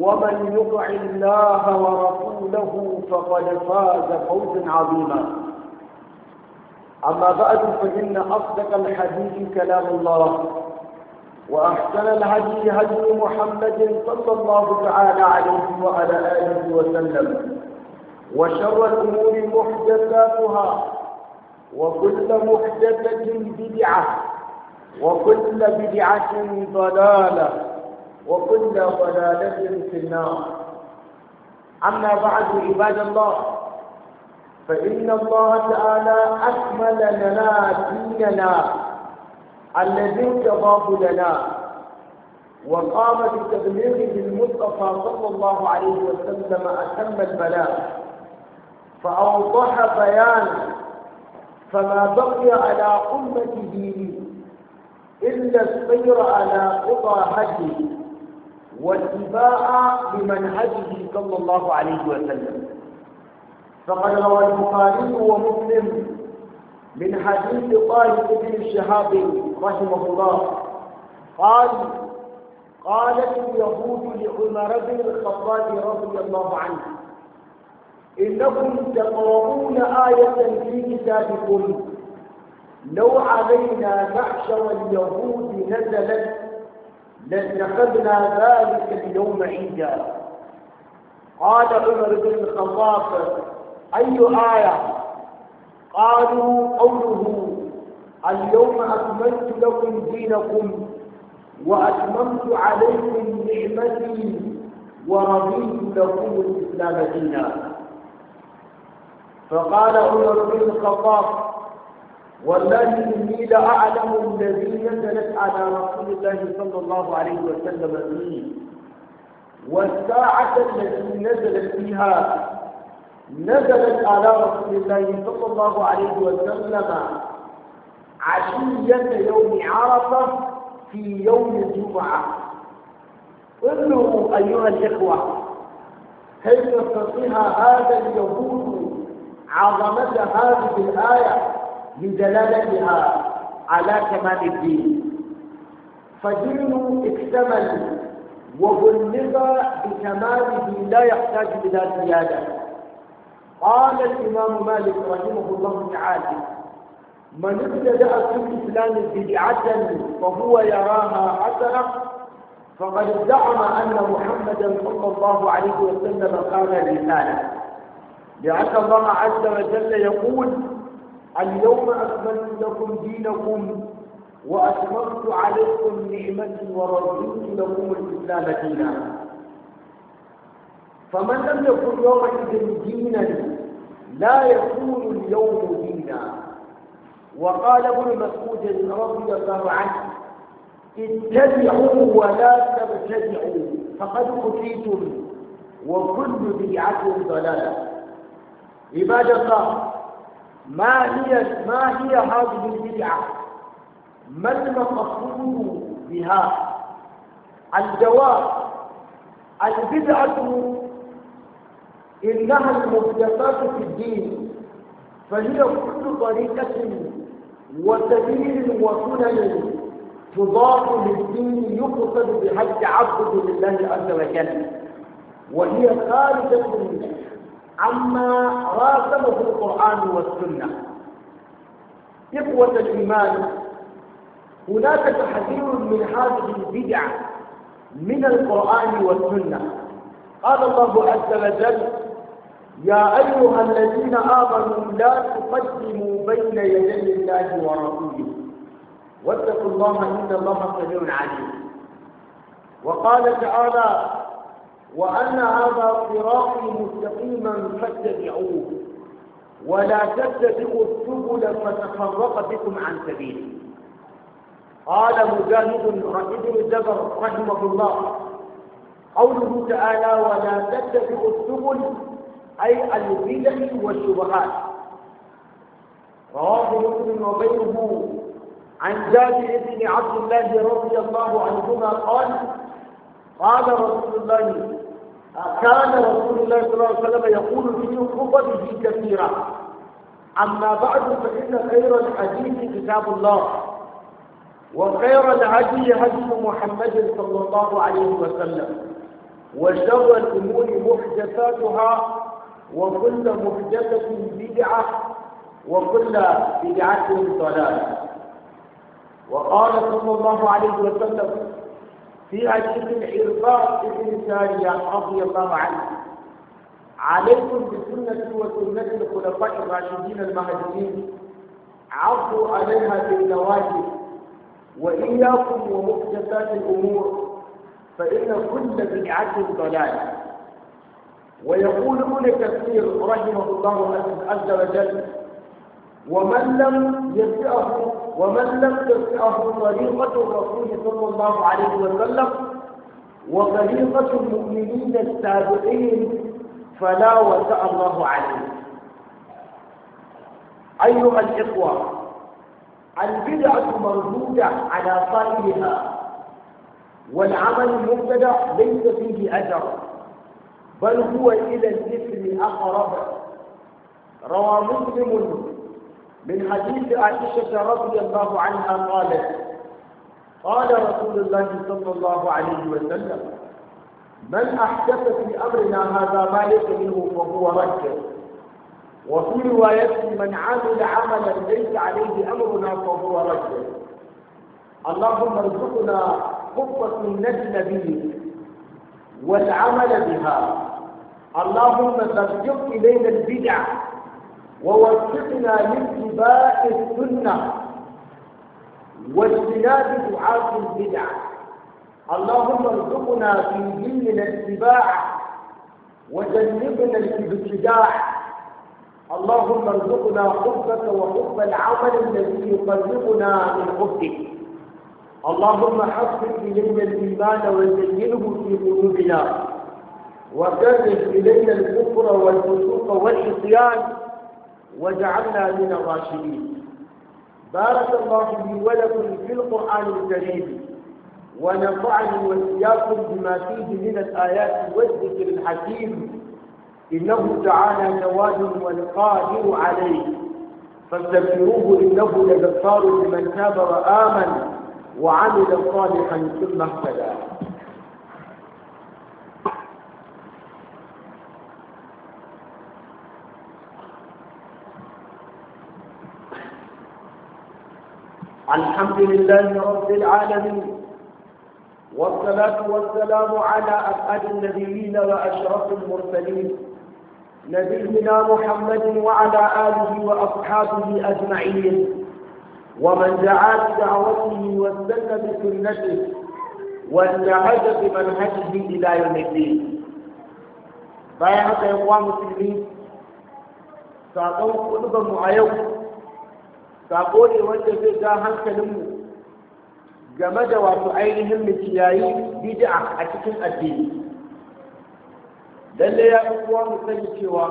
ومن يطع الله ورسوله فقد فاز فوزا عظيما أما بعد فإن أصدق الحديث كلام الله وأحسن الهدي هدي محمد صلى الله تعالى عليه وعلى آله وسلم وشر الأمور محدثاتها وكل محدثة بدعة وكل بدعة ضلالة وكل ضلالة في النار أما بعد عباد الله فإن الله تعالى أكمل لنا ديننا الذي ارتضاه لنا وقام بتبليغه المصطفى صلى الله عليه وسلم أتم البلاء فأوضح بيان فما بقي على أمته إلا السير على قضى هديه واتباع لمنهجه صلى الله عليه وسلم فقد روى البخاري ومسلم من حديث طالب بن الشهاب رحمه الله قال قالت اليهود لعمر بن الخطاب رضي الله عنه انكم تقرؤون ايه في كتابكم لو علينا معشر اليهود نزلت لاتخذنا ذلك اليوم عيدا قال عمر بن الخطاب أي آية قالوا قوله اليوم أكملت لكم دينكم وأتممت عليكم نعمتي ورضيت لكم الإسلام دينا فقال عمر بن الخطاب والله إني لأعلم الذي نزلت على رسول الله صلى الله عليه وسلم فيه والساعة التي نزلت فيها نزلت على رسول الله صلى الله عليه وسلم عشية يوم عرفة في يوم الجمعة انظروا أيها الإخوة هل يستطيع هذا اليهود عظمة هذه الآية لدلالتها على كمال الدين فدين اكتمل وبلغ بكماله لا يحتاج إلى زيادة قال الإمام مالك رحمه الله تعالى من ابتدأ في الإسلام بدعة فهو يراها حسنة فقد زعم أن محمدا صلى الله عليه وسلم قال رساله لأن الله عز وجل يقول اليوم أكملت لكم دينكم وأتممت عليكم نعمتي ورضيت لكم الإسلام دينا فمن لم يكن يومئذ دينا لا يكون اليوم دينا وقال ابن مسعود رضي الله عنه اتبعوا ولا تبتدعوا فقد أتيتم وكل بدعة ضلالة عباد الله ما هي ما هي هذه البدعة؟ ما المقصود بها؟ الجواب البدعة إنها المحدثات في الدين فهي كل طريقة وسبيل وسنن تضاف للدين يقصد بها التعبد لله عز وجل وهي خارجة عما راسمه القرآن والسنة إخوة الإيمان هناك تحذير من هذه البدعة من القرآن والسنة قال الله عز وجل يا أيها الذين آمنوا لا تقدموا بين يدي الله ورسوله واتقوا الله إن الله سميع عليم وقال تعالى وأن هذا صراطي مستقيما فاتبعوه ولا تتبعوا السبل فتفرق بكم عن سبيله قال مجاهد ابن جبر رحمه الله قوله تعالى ولا تتبعوا السبل أي البدع والشبهات رواه مسلم وغيره عن جابر بن عبد الله رضي الله عنهما قال قال رسول الله كان رسول الله صلى الله عليه وسلم يقول في خطبه كثيرا أما بعد فإن خير الحديث كتاب الله وخير الهدي هدي محمد صلى الله عليه وسلم وشر الأمور محدثاتها وكل محدثة بدعة وكل بدعة ضلالة وقال صلى الله عليه وسلم في حديث الحرباء بن سارية رضي الله عنه عليكم بسنة وسنة الخلفاء الراشدين المهديين عضوا عليها بالنواجذ وإياكم ومحدثات الأمور فإن كل بدعة ضلالة ويقول ابن كثير رحمه الله عز وجل ومن لم يسعه ومن لم تسعه طريقة الرسول صلى الله عليه وسلم وطريقة المؤمنين السابقين فلا وسع الله عليه أيها الإخوة البدعة مردودة على صاحبها والعمل المبتدع ليس فيه أجر بل هو إلى الإثم أقرب روى مسلم من حديث عائشة رضي الله عنها قالت قال رسول الله صلى الله عليه وسلم من أحدث في أمرنا هذا ما ليس منه فهو رد وفي رواية من عمل عملا ليس عليه أمرنا فهو رد اللهم ارزقنا خطة سنة به والعمل بها اللهم ترجق إلينا البدع ووفقنا لاتباع السنة واجتناب دعاة البدع اللهم ارزقنا في ديننا اتباع وجنبنا الابتداع اللهم ارزقنا حبك وحب العمل الذي يقربنا من حبك اللهم حقق الينا الايمان وزينه في قلوبنا وكره الينا الكفر والفسوق والعصيان وجعلنا من الراشدين بارك الله لي ولكم في القرآن الكريم ونفعني وإياكم بما فيه من الآيات والذكر الحكيم إنه تعالى جواد والقادر عليه فاستغفروه إنه لغفار لمن تاب وآمن وعمل صالحا ثم اهتدى الحمد لله رب العالمين والصلاة والسلام على أسعد النبيين وأشرف المرسلين نبينا محمد وعلى آله وأصحابه أجمعين ومن دعا بدعوته واستنى بسنته وانتهج بمنهجه إلى يوم الدين بايعة يا إخوان المسلمين ساقوم قلوبهم عليكم sako ne wanda zai ga hankalinmu game da wasu ainihin mu kiyayi bid'a a cikin addini lalle ya fi kowa mu sani cewa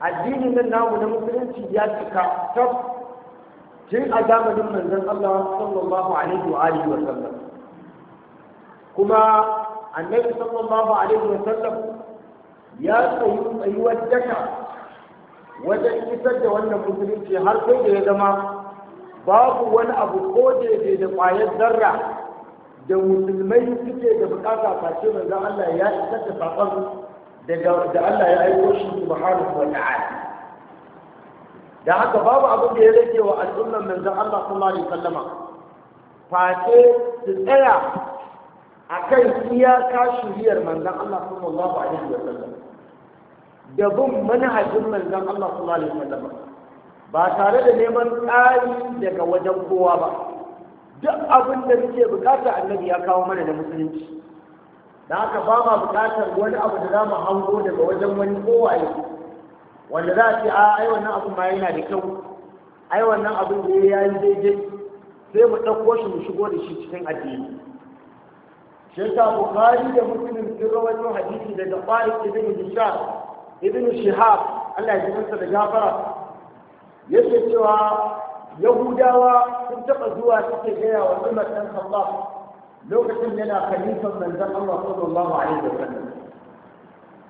addinin nan namu na musulunci ya cika tab tun a zamanin manzon Allah sallallahu alaihi wa alihi wa sallam kuma annabi sallallahu alaihi wa sallam ya tsayi tsayuwar daka wajen isar da wannan musulunci har sai da ya zama babu wani abu ko daidai da ƙwayar zarra da musulmai suke da bukata face manzo Allah ya isar da saƙon da Allah ya aiko shi subhanahu wa ta'ala da haka babu abin da ya rage wa al'ummar manzo Allah sallallahu alaihi wasallama face su tsaya akan iyaka shiriyar manzon Allah sallallahu alaihi wasallam da bin manhajin manzon Allah sallallahu alaihi wasallam ba tare da neman tsari daga wajen kowa ba duk abin da muke bukata annabi ya kawo mana da musulunci dan haka ba ma bukatar wani abu da za mu hango daga wajen wani kowaye wanda za a ce a ai wannan abin ma yana da kyau ai wannan abin da ya yi daidai sai mu ɗauko shi mu shigo da shi cikin addini shi yasa bukhari da muslim sun rawaito hadisi daga farid ibn hisham ibn shihab Allah ya jikinsa da gafara yake cewa yahudawa sun taɓa zuwa suke gaya wa umar ɗan khattab lokacin yana khalifan manzon Allah sallallahu alaihi wa sallam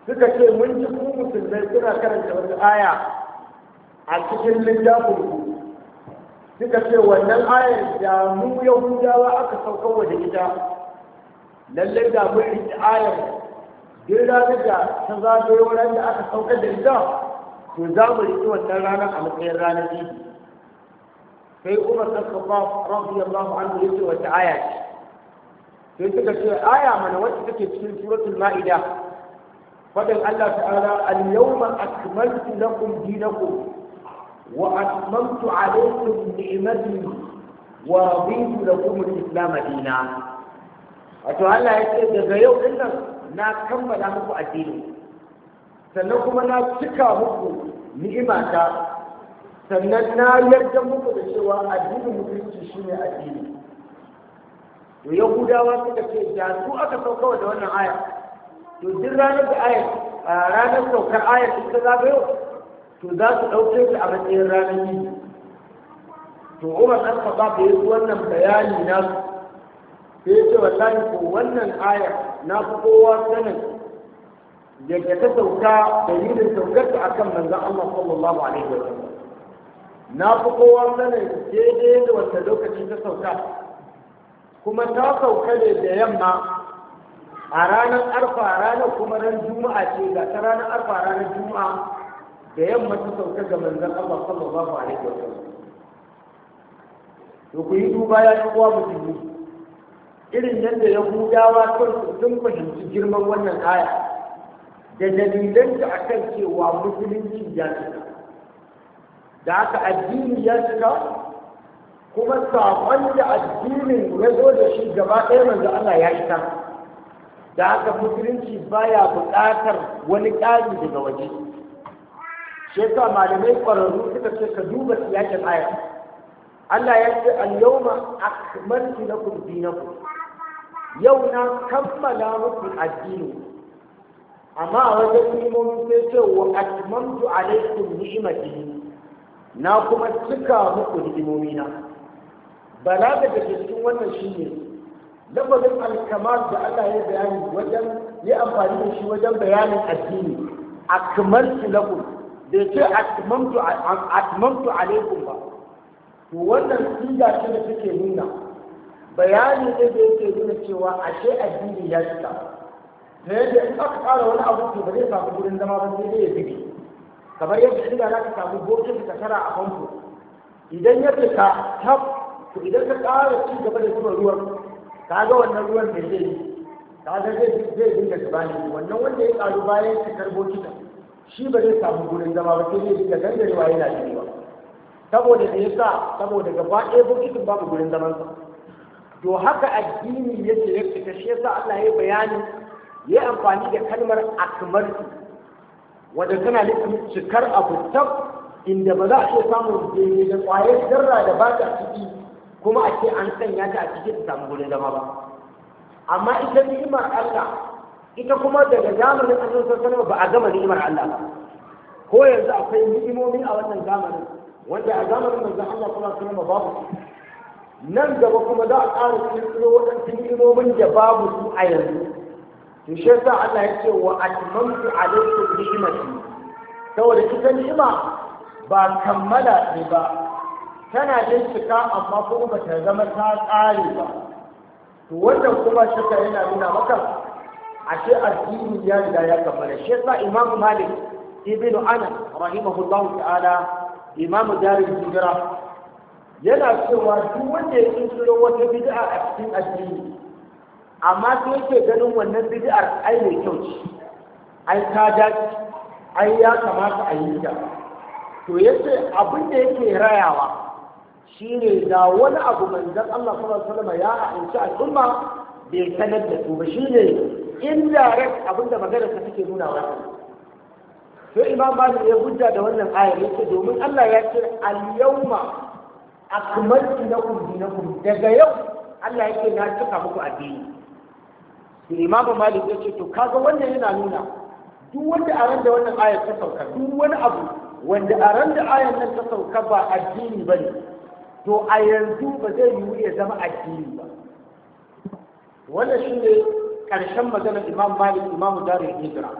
suka ce mun ji ku musulmai suna karanta wata aya a cikin littafin ku suka ce wannan ayar da mu yahudawa aka sauka wa da ita lallai da mun riƙe ayar da daga ta zagayo ran da aka saukar da ita to za mu riƙi wannan rana a matsayin ranar idi sai umar ɗan khattab radiyallahu anhu yace wata aya ce sai suka ce aya mana wacce take cikin suratul ma'ida fadin Allah ta'ala al-yawma akmaltu lakum dinakum wa atmamtu alaykum ni'mati wa raditu lakum al-islam dinan wato Allah yace daga yau din nan na kammala muku addini sannan kuma na cika muku ni'imata sannan na yarda muku da cewa addinin musulunci shine addini to yahudawa suka ce da su aka sauka da wannan aya to duk ranar da a ranar saukar ayar in ta zagayo to za su ɗauke ta a matsayin ranar yi to umar ɗan faɗa bai yi wannan bayani na su. sai ya ce wallahi ko wannan aya na fi kowa sanin yadda ta sauka da dalilin saukarta akan manzon Allah sallallahu alaihi wa sallam na fi kowa sanin daidai da wata lokacin ta sauka kuma ta sauka ne da yamma a ranar arfa ranar kuma ran juma'a ce ga ta ranar arfa ranar juma'a da yamma ta sauka ga manzon Allah sallallahu alaihi wa sallam to ku yi duba ya yi kowa musulmi irin yadda ya kansu sun fahimci girman wannan aya da dalilanta a kan cewa musulunci ya cika da haka addini ya cika kuma saƙon da addinin ya zo da shi gaba ɗaya manzo Allah ya isa da haka musulunci baya buƙatar wani ƙari daga waje shi yasa malamai ƙwararru suka ce ka duba siyakin aya Allah ya ce al-yawma akmaltu lakum dinakum yau na kammala muku addini amma a wajen imomi sai ce wa atmamtu alaikum ni'imati na kuma cika muku ni'imomina bala da daga cikin wannan shine lafazin alkamar da Allah ya bayani wajen ya amfani da shi wajen bayanin addini akmaltu lakum bai ce atmamtu atmamtu alaikum ba to wannan siga ce da take nuna bayani ne da yake nuna cewa ashe addini ya cika ta yadda in aka fara wani abu to ba zai samu gurin zama ba sai dai ya zube kamar yadda shiga za ka samu bokin ka tara a famfo idan ya fita tab to idan ka ƙara ci gaba da zuba ruwan ka ga wannan ruwan da zai yi ka ga zai dinga zuba ne wannan wanda ya ƙaru bayan cikar bokitan shi ba zai samu gurin zama ba sai dai dinga gangarewa yana jirewa saboda da ya sa saboda gaba ɗaya bokitin babu gurin zamansa to haka addini yake ya fita shi yasa Allah ya bayani ya amfani da kalmar akmal wanda tana nufin cikar abu tab inda ba za a iya samun daidai da ƙwayar zarra da ba ta ciki kuma a ce an sanya ta a cikin ta samu gurin zama ba amma ita ni'imar Allah ita kuma daga zamanin annabi sallallahu ba a gama ni'imar Allah ba ko yanzu akwai ni'imomi a wannan zamanin wanda a zamanin manzon Allah sallallahu alaihi wasallam babu nan gaba kuma za a ƙara kirkiro waɗansu ni'imomin da babu su a yanzu to shi yasa Allah ya ce wa atmamtu alaykum ni'mati saboda ita ni'ima ba kammala ne ba tana yin cika amma kuma ba ta zama ta ƙare ba to wannan kuma shaka yana nuna maka ashe addini ya riga ya kammala shi yasa Imam Malik ibn Anas rahimahullahu ta'ala Imam Darul Hijra yana cewa duk wanda ya kirkiro wata bid'a a cikin addini amma sai yake ganin wannan bid'ar ai mai kyau ce ai ta dace ai ya kamata a yi ta to yace abin da yake rayawa shine da wani abu manzon Allah sallallahu alaihi ya aici al'umma bai sanar da su ba shine indirect abin da magana ta take nuna wa to imam malik ya hujja da wannan ayar yake domin Allah ya ce al-yawma akmaltu lakum dinakum daga yau Allah yake na cika muku addini to imamu malik yace to kaga wannan yana nuna duk wanda a ran da wannan ayar ta sauka duk wani abu wanda a ran da ayar nan ta sauka ba addini bane to a yanzu ba zai yiwu ya zama addini ba wannan shine karshen maganar imam malik imam darul hijra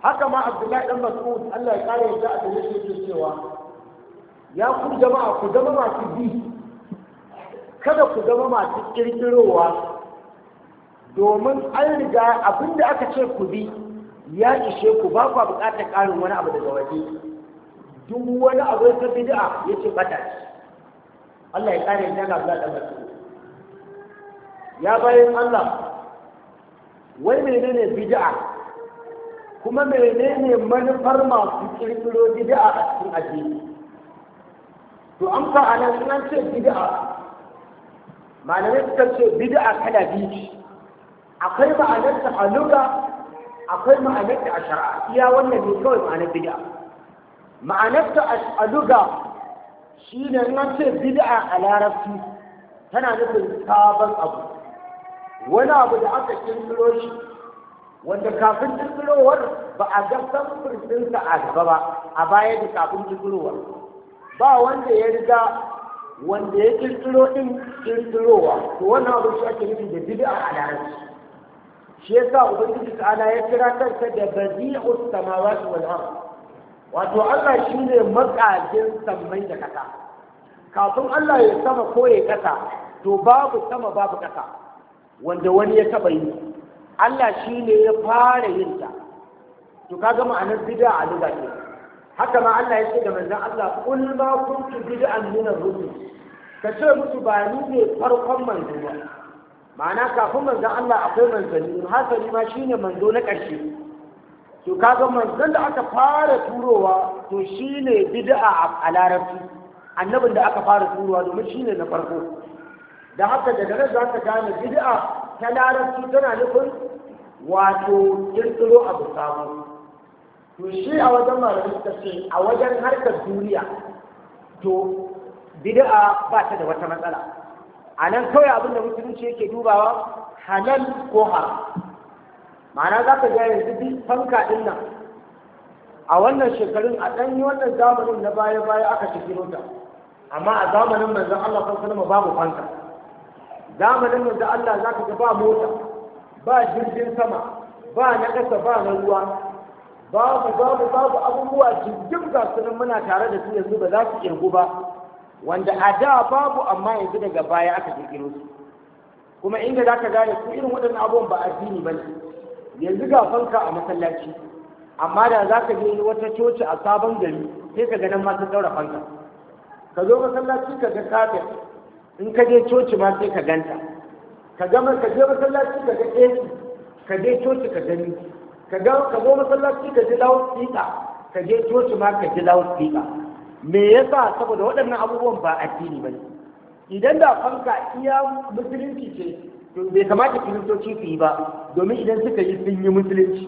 haka ma abdullahi dan mas'ud Allah ya kare a da shi yake cewa ya ku jama'a ku zama masu bi kada ku zama masu kirkirowa domin an riga abinda aka ce ku bi ya ishe ku ba ku buƙatar ƙarin wani abu daga waje duk wani abu ya bid'a ya ce bata Allah ya ƙara yin daga Allah da masu ya bayan Allah wai menene bid'a kuma menene manufar masu kirkiro bid'a a cikin addini to amsa a nan nan ce bid'a malamai suka ce bid'a kala biyu ce akwai ma'anarta a lura akwai ma'anarta a shara iya wannan ne kawai ma'anar bid'a ma'anarta a lura shi ne nan ce bid'a a larabci tana nufin sabon abu wani abu da aka kirkiro shi wanda kafin kirkirowar ba a ga samfurtinsa a gaba ba a baya da kafin kirkirowar ba wanda ya riga wanda ya kirkiro din kirkirowa to wannan abu shi ake nufi da bid'a a larabci shi yasa ubangiji ala ya kira kansa da badi'us samawati wal ard wato Allah shine makajin sammai da kasa kafin Allah ya sama ko ya kasa to babu sama babu kasa wanda wani ya taba yi Allah shine ya fara yin ta to kaga ma'anar bid'a a lugha haka ma Allah ya ce da manzon Allah kul ma kuntu bid'an min ar-rusul ka ce musu ba ni ne farkon manzo ba ma'ana kafin manzon Allah akwai manzanni hasali ma shine manzo na ƙarshe to kaga manzon da aka fara turowa to shine bid'a a larabci annabin da aka fara turowa domin shine na farko da haka daga nan za ka gane bid'a ta larabci tana nufin wato kirkiro abu sabo to shi a wajen malamai suka a wajen harkar duniya to bid'a ba ta da wata matsala a nan kawai abin da musulunci yake dubawa halal ko haram ma'ana za ka ga yanzu duk fanka din nan a wannan shekarun a ɗan yi wannan zamanin na baya baya aka ci ta amma a zamanin manzon Allah sallallahu babu fanka zamanin manzon Allah za ka ga ba mota ba jirgin sama ba na ƙasa ba na ruwa babu babu babu abubuwa jirgin ga nan muna tare da su yanzu ba za su kirgu ba wanda a da babu amma yanzu daga baya aka kirkiro su kuma inda za ka gane su irin waɗannan abubuwan ba addini ba ne yanzu ga fanka a masallaci amma da za ka je wata coci a sabon gari sai ka ganin masu ɗaura fanka ka zo masallaci ka ga kafin in ka je coci ma sai ka ganta ka gama ka je masallaci ka ga ɗaya ka je coci ka gani ka ga ka zo masallaci ka ji tsika ka je coci ma ka ji tsika me yasa saboda waɗannan abubuwan ba addini bane idan da fanka iya musulunci ce to bai kamata kiristoci su yi ba domin idan suka yi sun yi musulunci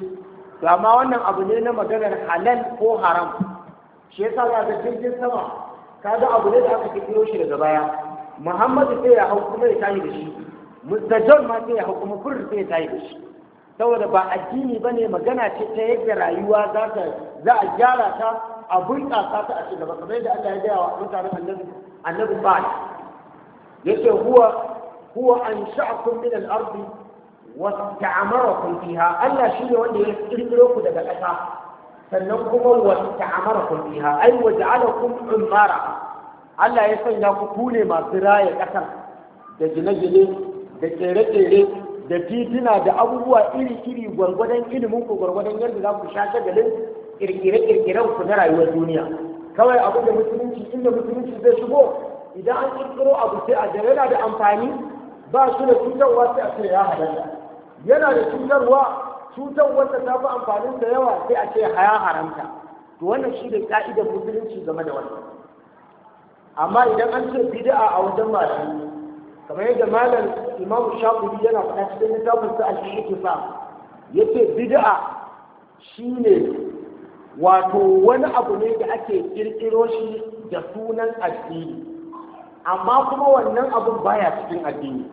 to amma wannan abu ne na maganar halal ko haram shi yasa za ga jirgin sama Ka ga abu ne da aka ki kirkiro shi daga baya muhammadu sai ya hau kuma ya tayi da shi musta john ma sai ya hau kuma fur sai ya tayi da shi saboda ba addini ba ne magana ce ta yadda rayuwa za a gyara ta a bunƙasa ta a ci gaba kamar yadda Allah ya gaya wa mutanen annabi annabi ba yake huwa huwa ansha'akum min al-ardi wa ta'amarakum fiha Allah shine wanda ya kirkiro ku daga ƙasa sannan kuma wa ta'amarakum fiha ay wa ja'alakum umara Allah ya sanya ku kune masu raya ƙasar da gine-gine da kere-kere da titina da abubuwa iri-iri gwargwadon ilimin ku gwargwadon yadda za ku sha shagalin kirkire-kirkiren ku na rayuwar duniya kawai abu da musulunci inda musulunci zai shigo idan an kirkiro abu sai a yana da amfani ba su da cutarwa sai a ce ya haramta yana da cutarwa wanda ta fi amfanin da yawa sai a ce ya haramta to wannan shi ne ka'idar musulunci game da wannan amma idan an ce bid'a a wajen masu kamar yadda malam imamu shafi yana faɗa cikin littafin sa al-shifa yace bid'a shine wato wani abu ne da ake kirkiro shi da sunan addini amma kuma wannan abun baya cikin addini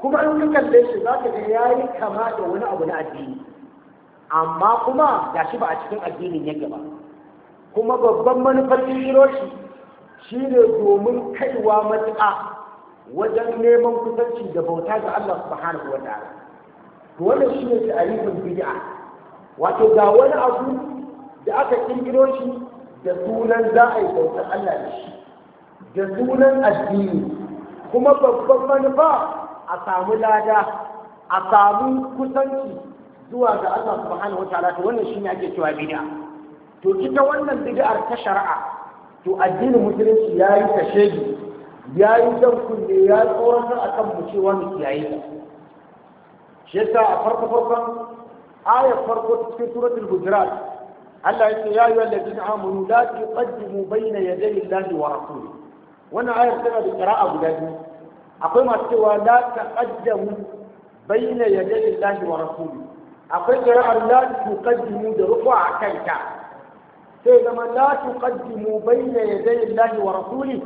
kuma in ka kalle shi za ka ga yayi kama da wani abu na addini amma kuma gashi ba a cikin addinin yake ba kuma babban manufar kirkiro shi shine domin kaiwa matuƙa wajen neman kusanci da bauta ga Allah subhanahu wa ta'ala to wannan shine ta'arifin bid'a wato ga wani abu da aka kirkiro shi da sunan za a yi bautar Allah da shi da sunan addini kuma babban manufa a samu lada a samu kusanci zuwa ga Allah subhanahu wa ta'ala to wannan shine ake cewa bid'a to ita wannan bid'ar ta shari'a to addinin musulunci yayi kashedi ya yi jan kunne ya yi tsoron a kan mu cewa mu kiyaye ta shi yasa a farko farkon ayar farko ta cikin suratul hujurat Allah ya ce ya yi wallafi na amunu la tuqaddimu bayna yaday Allahi wa rasuli wannan ayar tana da qira'a guda biyu akwai masu cewa la taqaddamu bayna yaday Allahi wa rasuli akwai qira'ar la tuqaddimu da rufa a kanta sai zama la tuqaddimu bayna yaday Allahi wa rasuli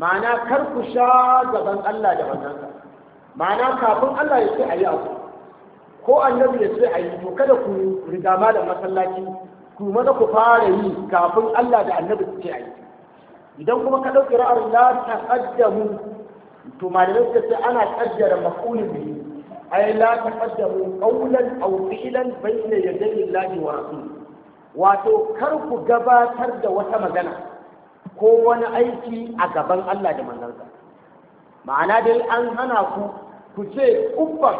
ma'ana kar ku sha gaban Allah da wannan ma'ana kafin Allah ya ce a yi abu ko annabi ya ce a yi to kada ku riga malam masallaci ku maza ku fara yi kafin Allah da annabi su ce a yi idan kuma ka ɗauki ra'ar la taqaddamu to malamai suka ce ana kaddara maf'ul bihi ay la taqaddamu qawlan aw fi'lan bayna yadayi Allah wa rasul wato kar ku gabatar da wata magana ko wani aiki a gaban Allah da manzansa ma'ana dai an hana ku ku ce ubban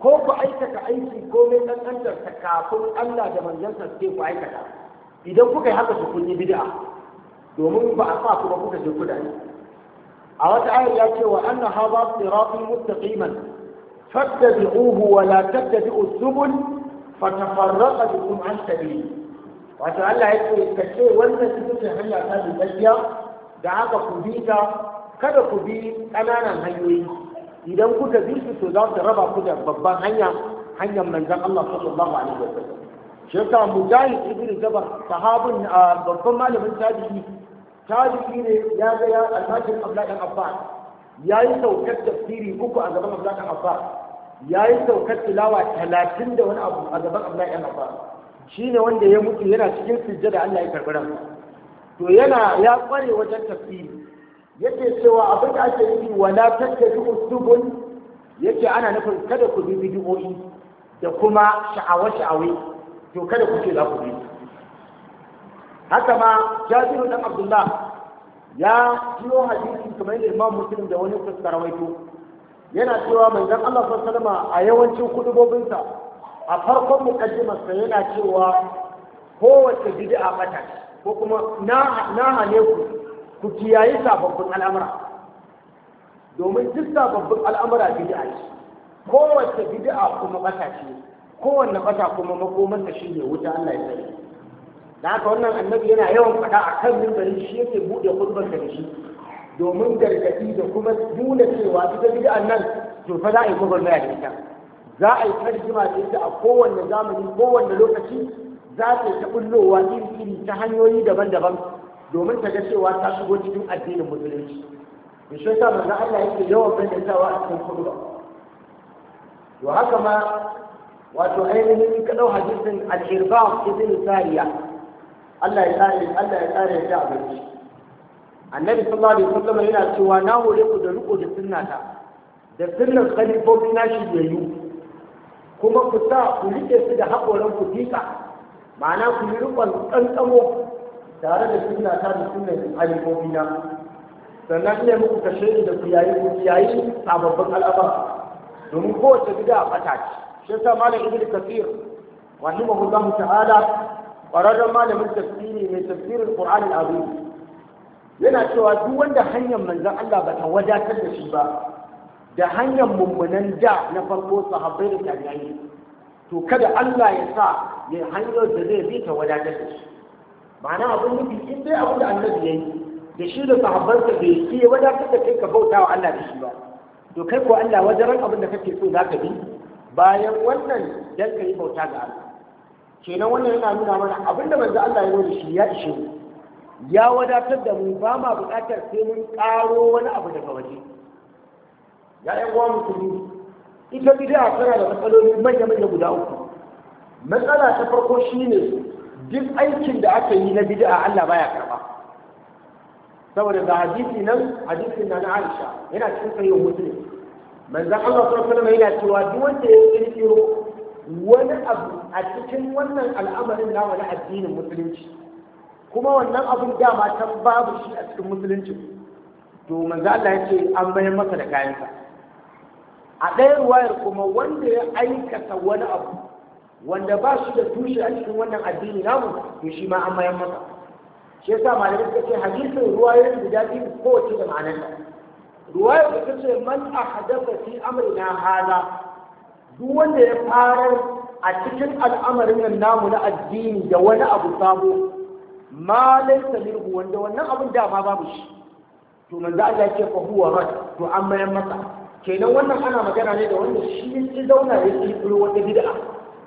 ko ku aikata aiki ko mai ta kafin Allah da manzansa sai ku aikata idan kuka yi haka su kun yi bid'a domin ba a sa ku ba kuka je kudade a wata ayar ya ce wa anna hadha siratul mustaqiman fattabi'uhu wa la tattabi'us subul fatafarraqa bikum an sabili wato Allah ya ce ka ce wannan cikin ce hanya ta dubajiya da haka ku bi ta kada ku bi ƙananan hanyoyi idan kuka bi su to za su raba ku da babban hanya hanyar manzon Allah sallallahu alaihi wa sallam shi yasa mujahid ibn jabar sahabin babban malamin tabi'i tabi'i ne ya ga ya almajin Abdullah dan Abbas yayi saukar tafsiri uku a gaban Abdullah dan Abbas yayi saukar tilawa 30 da wani abu a gaban Abdullah dan Abbas shine wanda ya mutu yana cikin sujjada Allah ya karɓi ran to yana ya kware wajen tafsiri yake cewa abin da ake nufi wala tattabi usubun yake ana nufin kada ku bi bidiyoyi da kuma sha'awa sha'awi to kada ku ce za ku bi haka ma jabiru dan abdullah ya jiyo hadisi kamar yadda imam muslim da wani suka rawaito yana cewa manzon Allah sallallahu alaihi wasallam a yawancin kudubobinsa a farkon mukaddimarsa yana cewa kowace a bata ko kuma na hane ku ku kiyaye sababbin al'amura domin duk sababbin al'amura a ce kowace a kuma bata ce kowanne bata kuma makomarta shi ne wuta Allah ya sani da haka wannan annabi yana yawan faɗa a kan mimbarin shi yake buɗe hudbarsa da shi domin gargaɗi da kuma nuna cewa ita gidan nan to fa za a yi gwagwarmaya da ita za a yi tarjima da ita a kowanne zamani kowanne lokaci za ta yi ta bullowa iri-iri ta hanyoyi daban-daban domin ta ga cewa ta shigo cikin addinin musulunci da shi yasa manzo Allah yake yawan bayyanawa a cikin kudu to haka ma wato ainihin ka dau hadisin al-irbam ibn sariya Allah ya tsare Allah ya tsare ta abinci annabi sallallahu alaihi wasallam yana cewa na hore ku da riko da sunnata da sunnan khalifofi na shi da yayu kuma ku sa ku riƙe su da haƙoran ku ma'ana ku yi riƙon ƙanƙamo tare da sunna ta da sunnan halifofi na sannan ne muku kashe da ku yayi ku yayi sababbin al'amar domin kowace a bata ce shi yasa malam ibnu kafir rahimahullahu ta'ala ƙwararren malamin tafsiri mai tafsirin ƙur'anin al yana cewa duk wanda hanyar manzan Allah ba ta wadatar da shi ba da hanyar mummunan da na farko sahabbai da tabi'ai to kada Allah ya sa ya hanyar da zai bi ta wadatar da shi ma'ana abin nufi in dai abin da annabi yayi da shi da sahabbansa bai shi ya wadatar da kai ka bauta wa Allah da shi ba to kai ko Allah wajen abin da kake so zaka bi bayan wannan dan ka yi bauta ga Allah kenan wannan yana nuna mana abin da manzo Allah ya zo da shi ya ishe mu ya wadatar da mu ba ma buƙatar sai mun ƙaro wani abu daga waje ya yan uwa musulmi ita bid'a tana da matsaloli manya manya guda uku matsala ta farko ne duk aikin da aka yi na bid'a Allah baya karba saboda ga hadisi nan hadisin na Aisha yana cikin sahih Muslim manzon Allah sallallahu alaihi yana cewa duk wanda ya kirkiro wani abu a cikin wannan al'amarin na wani addinin musulunci kuma wannan abun dama ta babu shi a cikin musulunci to manzo Allah ya ce an bayan masa da kayansa a ɗayan wayar kuma wanda ya aikata wani abu wanda ba su da tushe a cikin wannan addini namu to shi ma an mayan masa shi yasa malamai suka ce hadisin ruwayoyin guda biyu kowace da ma'anar ta ya da kace man ahdatha fi na hala duk wanda ya fara a cikin al'amarin nan namu na addini da wani abu sabo ma laysa wanda wannan abun da ma babu shi to manzo Allah ya ce fa huwa rad to an mayan masa kenan wannan ana magana ne da wanda shi ya zauna ya kirkiro wata bid'a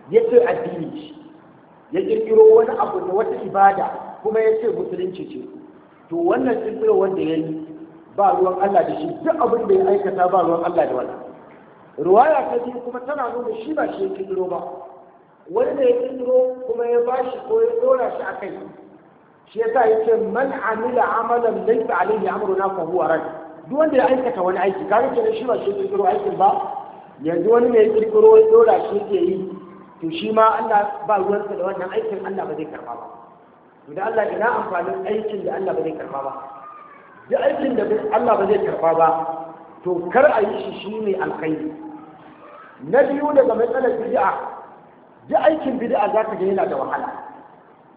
ya ce addini ce ya kirkiro wani abu da wata ibada kuma ya ce musulunci ce to wannan kirkiro wanda ya yi ba ruwan Allah da shi duk abin da ya aikata ba ruwan Allah da wannan ruwaya ta biyu kuma tana nuna shi ba shi ya kirkiro ba wani ya kirkiro kuma ya bashi ko ya dora shi a kai shi ya sa ya ce man amila amalan laysa alaihi amruna fa huwa rad duk wanda ya aikata wani aiki kaga kenan shi ba shi kirkiro aikin ba yanzu wani mai kirkiro ya dora shi ke yi to shi ma Allah ba ruwansa da wannan aikin Allah ba zai karba ba to da Allah ina amfanin aikin da Allah ba zai karba ba da aikin da Allah ba zai karba ba to kar a yi shi shi ne alkhairi na biyu daga matsalar bid'a da aikin bid'a za ka ga yana da wahala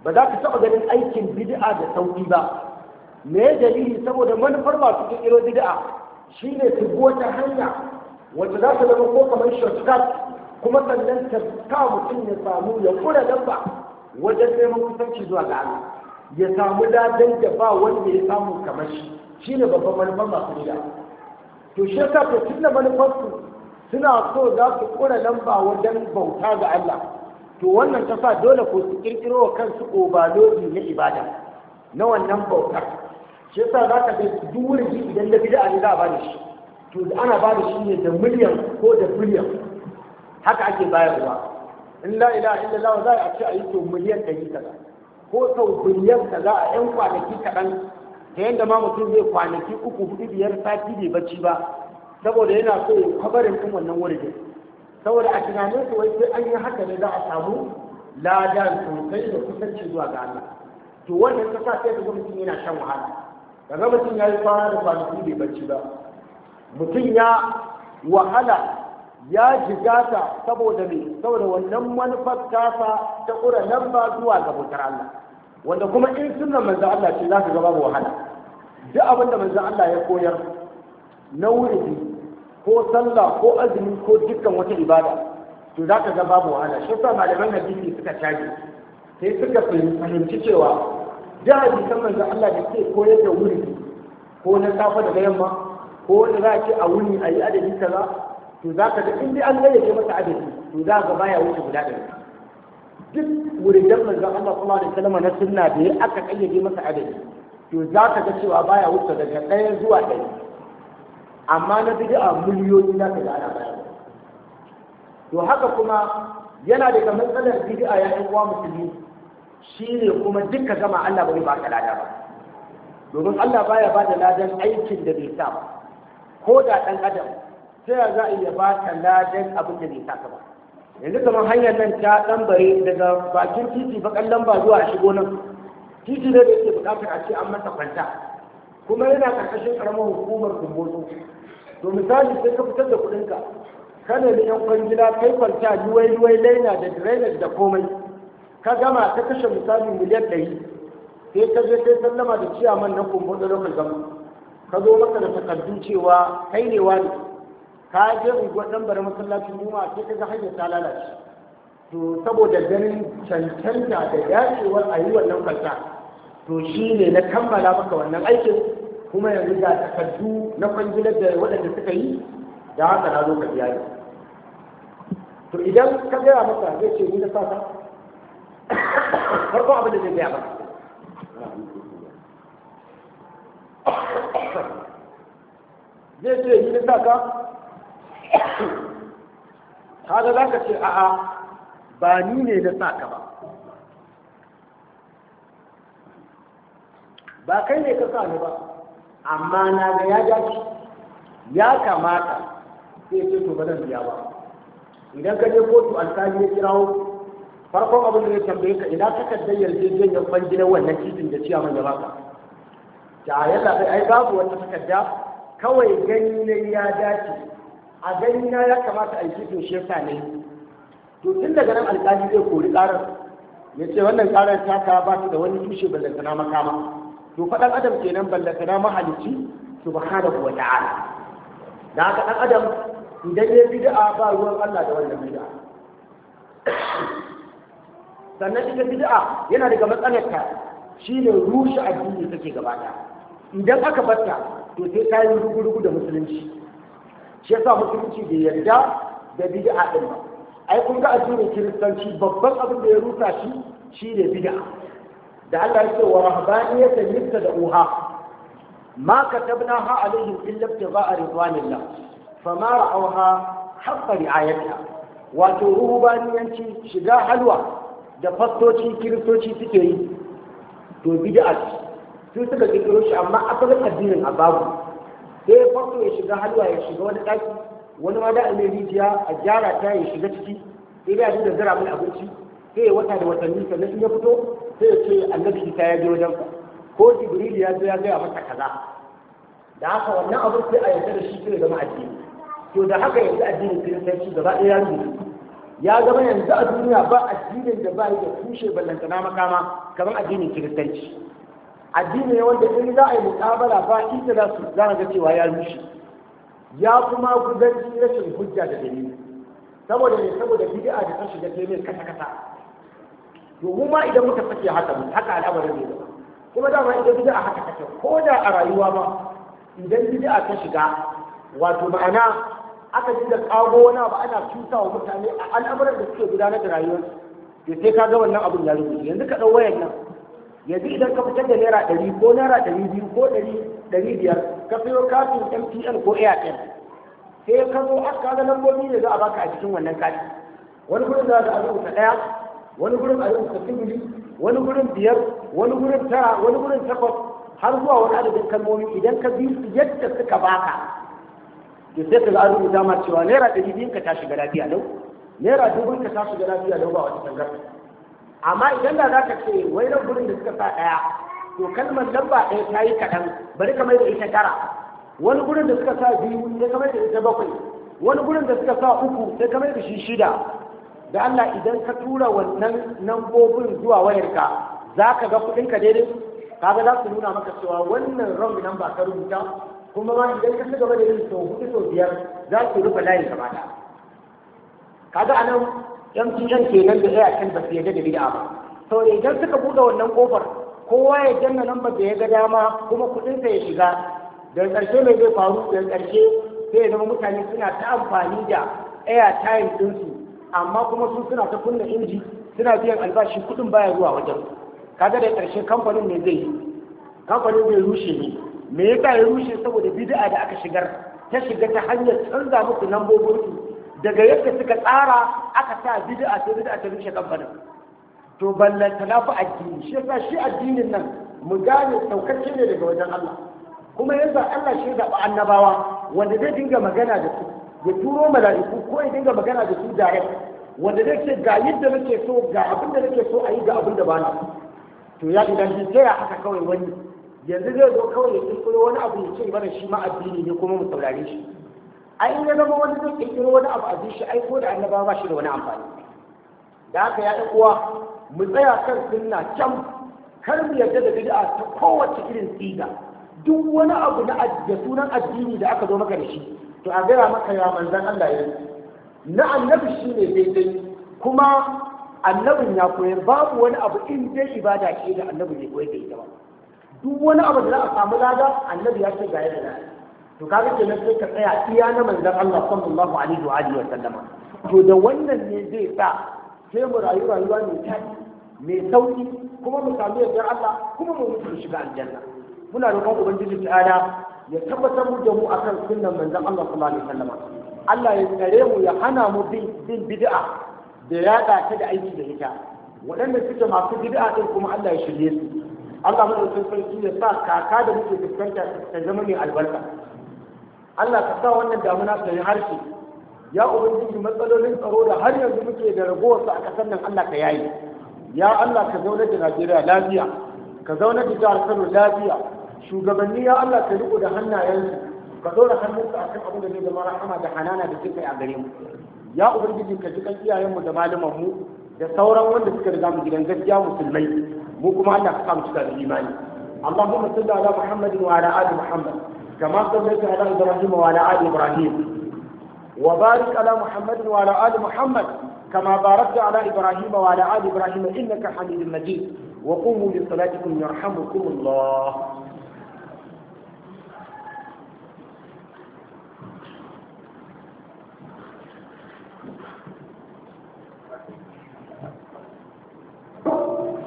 ba za ka taɓa ganin aikin bid'a da sauki ba me dalili saboda manufar masu kirkiro bid'a shine su wata hanya wacce za su zama ko kamar shortcut kuma sannan ta ta mutum ya samu ya kura lamba wajen neman kusanci zuwa ga Allah ya samu dadan da ba wanda ya samu kamar shi shine babban manufar masu bid'a to shi yasa to tunda manufar su suna so za su kura lamba wajen bauta ga Allah to wannan ta sa dole ko su kirkiro kansu obalodi na ibada na wannan bautar shi yasa za ka ga duk wurin idan da bid'a ne za a bada shi to ana bada shi ne da miliyan ko da biliyan haka ake bayarwa in la ilaha illallah za a ce a yi to miliyan ɗari kaza ko sau biliyan kaza a yan kwanaki kaɗan da yadda ma mutum zai kwanaki uku hudu biyar sati bai bacci ba saboda yana so kabarin kwabarin ɗin wannan wurin saboda a tunanin su wai sai an yi haka ne za a samu ladan sosai da kusanci zuwa ga Allah to wannan kasa sa sai da mutum yana shan wahala kaga mutum ya yi fara da kwanaki bai bacci ba mutum ya wahala ya jigata saboda me saboda wannan manufar tasa ta ƙura nan ba zuwa ga bautar Allah wanda kuma in sunan manzan Allah ce za ka ga wahala duk abin da manzan Allah ya koyar na wuri ko sallah ko azumi ko dukkan wata ibada to za ka ga wahala shi sa malaman hadisi suka caji sai suka fahimci cewa da kan manzon Allah da ke koyar da wuri ko na safa daga yamma ko da za ki a wuri a yi adadi kaza to za ka ga in dai an gayyace masa adadi to za ka baya wuce guda ɗari duk wuridan manzon Allah sallallahu alaihi wasallam na sunna da ya aka kayyade masa adadi to za ka ga cewa baya wuce daga ɗaya zuwa ɗari amma na bid'a miliyoyi na ka ga ana baya to haka kuma yana daga matsalar bid'a ya ɗan uwa musulmi shi ne kuma duka gama Allah ba zai lada ba domin Allah baya ba da ladan aikin da bai sa ba ko da ɗan adam sai ya za a iya baka ladan abin da bai sa ba yanzu kamar hanyar nan ta bare daga bakin titi bakan lamba zuwa shigo nan titi ne da yake buƙatar a ce an masa kwanta kuma yana ƙarƙashin ƙaramar hukumar kumbotso to misali sai ka fitar da kuɗinka kana da 'yan kwangila kai kwanta duwai-duwai laina da drainage da komai ka gama ta kashe misali miliyan ɗari sai ka je sai sallama da ciyaman na kuma da lokacin gama ka zo maka da takardun cewa kai ne wani ka je unguwar ɗan bari masallacin juma'a sai ka ga hanyar ta lalace to saboda ganin cancanta da dacewar a yi wannan kwalta to shi ne na kammala maka wannan aikin kuma yanzu ga takardu na kwangilar da waɗanda suka yi da haka na zo ka biya to idan ka gaya masa zai ce ni na sa farko abin da zai ba zai ce yi nisa ka za ka ce a'a ba ni ne na sa ka ba ba kai ne ka sa ni ba amma na ga ya kamata sai ce ba idan ka je kotu alkali ya kirawo farkon abin da zai tambaye ka ina takardar yarjejeniyar bangidan wannan titin da ciyaman ya baka da yalla bai ai babu wata takarda kawai gani ne ya dace a gani na ya kamata a yi titin shi ne to tun daga nan alƙali zai kori ƙarar ya ce wannan ƙarar ta ka ba da wani tushe na makama to faɗan adam kenan na mahalicci subhanahu wa ta'ala da haka ɗan adam idan ya bid'a ba ruwan Allah da wannan bid'a sannan ita bid'a yana daga matsalar ta shine rushe addini take gaba ɗaya idan aka batta to sai ta yi rugu-rugu da musulunci shi yasa musulunci bai yarda da bid'a din ba ai kun ga addinin kiristanci babban abin da ya rusa shi shine bid'a da Allah ya ce wa rahbaniyatan yabtada'uha ma katabnaha alaihim illa ibtigha'a ridwanillah fama ra'awha haqqa ri'ayatiha wato ruhubaniyanci shiga halwa da fastoci kiristoci suke yi to bid'a sun suka kirkiro shi amma asalin addinin a babu sai fasto ya shiga halwa ya shiga wani ɗaki wani ma da mai rijiya a gyara ta ya shiga ciki sai da shi da zira mai abinci sai ya wata da watanni sannan in ya fito sai ya ce annabi isa ya je wajen ko jibril ya zo ya gaya masa kaza da haka wannan abin sai a yarda da shi sai da zama addini to da haka yanzu addinin kiristanci gaba ɗaya ya rubutu ya zama yanzu a duniya ba addinin da ba ya tushe ballantana makama kamar addinin kiristanci addini ne wanda in za a yi muƙabala ba ita za su zana ga cewa ya rushe ya kuma gudanci rashin hujja da dalili saboda ne saboda bid'a da ta shiga ta kasa kasa domin ma idan muka sake haka mu haka al'amarin ne kuma dama idan bid'a haka take ko da a rayuwa ma idan bid'a ta shiga wato ma'ana aka dinga kago wani ba ana cuta wa mutane a al'amuran da suke gudanar da rayuwarsu da sai ka ga wannan abun ya rubuce yanzu ka ɗau wayan nan yanzu idan ka fitar da naira ɗari ko naira ɗari biyu ko ɗari biyar ka sayo katin mtn ko airtel sai ka zo aka ah, ga lambobi ne za a baka a cikin wannan kati wani gurin za a rubuta ɗaya wani gurin a rubuta sifili wani gurin biyar wani gurin tara wani gurin takwas har zuwa wani adadin kalmomi idan ka bi yadda suka baka to sai ka zaɓi rubuta ma cewa naira ɗari biyun ka ta shiga lafiya lau naira dubun ka ta shiga lafiya lau ba wata tangar amma idan da za ka ce wai nan gurin da suka sa ɗaya to kalmar lamba ɗaya ta yi kaɗan bari ka da ita tara wani gurin da suka sa biyu sai kamar da ita bakwai wani gurin da suka sa uku sai kamar da shi shida da Allah idan ka tura wannan nambobin zuwa wayarka za ka ga kuɗinka daidai kaga za su nuna maka cewa wannan nan ba ka rubuta kuma ma idan ka gaba da yin sau hudu sau biyar za yi rufe layin gaba da kaga a nan yan kenan da kan ba su yarda da bid'a ba da idan suka buɗe wannan kofar kowa ya janna nan ba ya ga dama kuma kuɗinsa ya shiga da ƙarshe mai zai faru da ƙarshe sai zama mutane suna ta amfani da airtime ɗinsu amma kuma su suna ta kunna inji suna biyan albashi kuɗin baya zuwa wajen kaga da ƙarshe kamfanin ne zai yi kamfanin zai rushe ne me yasa ya rushe saboda bid'a da aka shigar ta shiga ta hanyar canza musu lambobinsu daga yadda suka tsara aka sa bid'a ta bid'a ta rushe kamfanin to ballanta na fi addini shi yasa shi addinin nan mu gane saukacce ne daga wajen Allah kuma yadda Allah shi zaɓi annabawa wanda zai dinga magana da su ya turo mala'iku ko ya dinga magana da su direct wanda zai ce ga yadda nake so ga abin da nake so a yi ga abin da ba na to ya idan sai ya haka kawai wani yanzu zai zo kawai ya kirkiro wani abu ya ce mana shi ma addini ne kuma mu saurare shi ai in zama wani zai kirkiro wani abu a bi shi ai ko da annaba ba shi da wani amfani da haka ya uwa mu tsaya kan sunna can kar mu yarda da bid'a ta kowace irin tsiga duk wani abu na da sunan addini da aka zo maka da shi to a gaya maka ya manzan Allah ya na annabi shi ne daidai kuma annabin ya koyar babu wani abu in dai ibada ke da annabin ya koyar da ita ba duk wani abu da za a samu lada annabi ya ce ga yadda na to kaga kenan sai ka tsaya iya na manzon Allah sallallahu alaihi wa alihi wa sallama to da wannan ne zai sa sai mu rayu rayuwa mai tafi mai sauki kuma mu samu yardar Allah kuma mu mutu shiga aljanna muna roƙon ubangiji ta'ala ya tabbatar mu da mu akan sunnan manzon Allah sallallahu alaihi wa sallama Allah ya tsare mu ya hana mu bin bin bid'a da yaɗa ta da aiki da ita waɗanda suke masu bid'a din kuma Allah ya shirye su Allah sun sarki ya sa kaka da muke fuskanta ta zama mai albarka Allah ka sa wannan damuna ta yi harshe ya ubangiji matsalolin tsaro da har yanzu muke da ragowarsa a ƙasar nan Allah ka yayi ya Allah ka zauna da Najeriya lafiya ka zauna da jihar Kano lafiya shugabanni ya Allah ka riko da hannayensu ka zauna hannunsu a kan abin da zai zama rahama da hanana da suka a gare mu ya ubangiji ka ji kan iyayenmu da malamanmu da sauran wanda suka riga mu gidan gaskiya musulmai مكما الله قام تكاد الإيمان اللهم صل على محمد وعلى آل محمد كما صليت على إبراهيم وعلى آل إبراهيم وبارك على محمد وعلى آل محمد كما باركت على إبراهيم وعلى آل إبراهيم إنك حميد مجيد وقوموا بصلاتكم يرحمكم الله